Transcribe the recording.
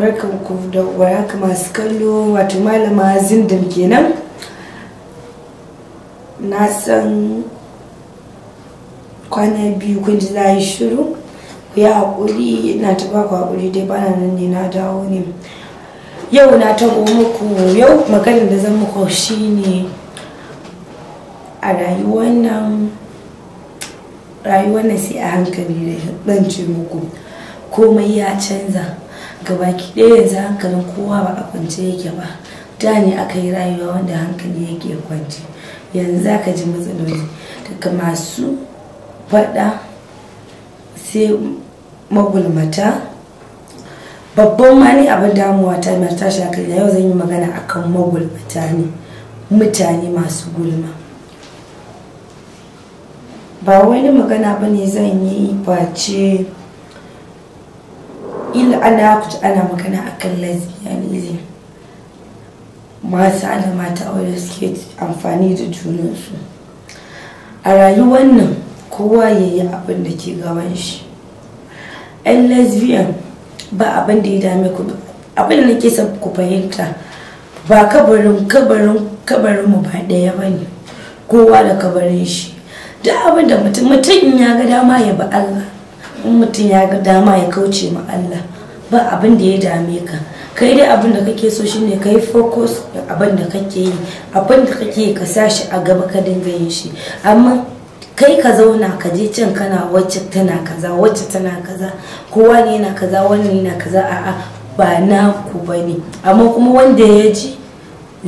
barkan ku da warhaka masu kallo wato malama zindan kenan na san kwana biyu kun ji na yi shiru ku yi haƙuri ina ta ba ku haƙuri dai ba na nan ne na dawo ne yau na taɓo muku yau maganin da zan muku shi ne a rayuwar nan rayuwar nan sai a hankali da ɗan muku komai ya canza gabaki ɗaya yanzu hankalin kowa ba a kwance yake ba da ne aka yi rayuwa wanda hankali yake kwance yanzu za ka ji matsaloli daga masu faɗa sai magulmata babban ma ne abin damuwa ta mai tashi da yau zan yi magana akan magulmata ne mutane masu gulma ba wani magana ba ne zan yi ba ce. illa ana kuci ana magana akan lesbianism mata da mata aure suke amfani da junansu a rayuwar nan kowa ya yi abin da ke gaban shi yan lesbian ba abin da ya dame ku abin da nake son ku fahimta ba kabarin kabarin kabarin mu ba ɗaya ba ne kowa da kabarin shi duk abin da mutum mutum ya ga dama ya ba Allah in mutum ya ga dama ya kauce ma Allah ba abin da ya dame ka kai dai abin da kake so shine kai focus da abin da kake yi abin da kake ka sa shi a gaba ka dinga yin shi amma kai ka zauna ka je can kana wacce tana kaza wacce tana kaza kowa ne yana kaza wannan yana kaza a'a ba na ku bane amma kuma wanda ya ji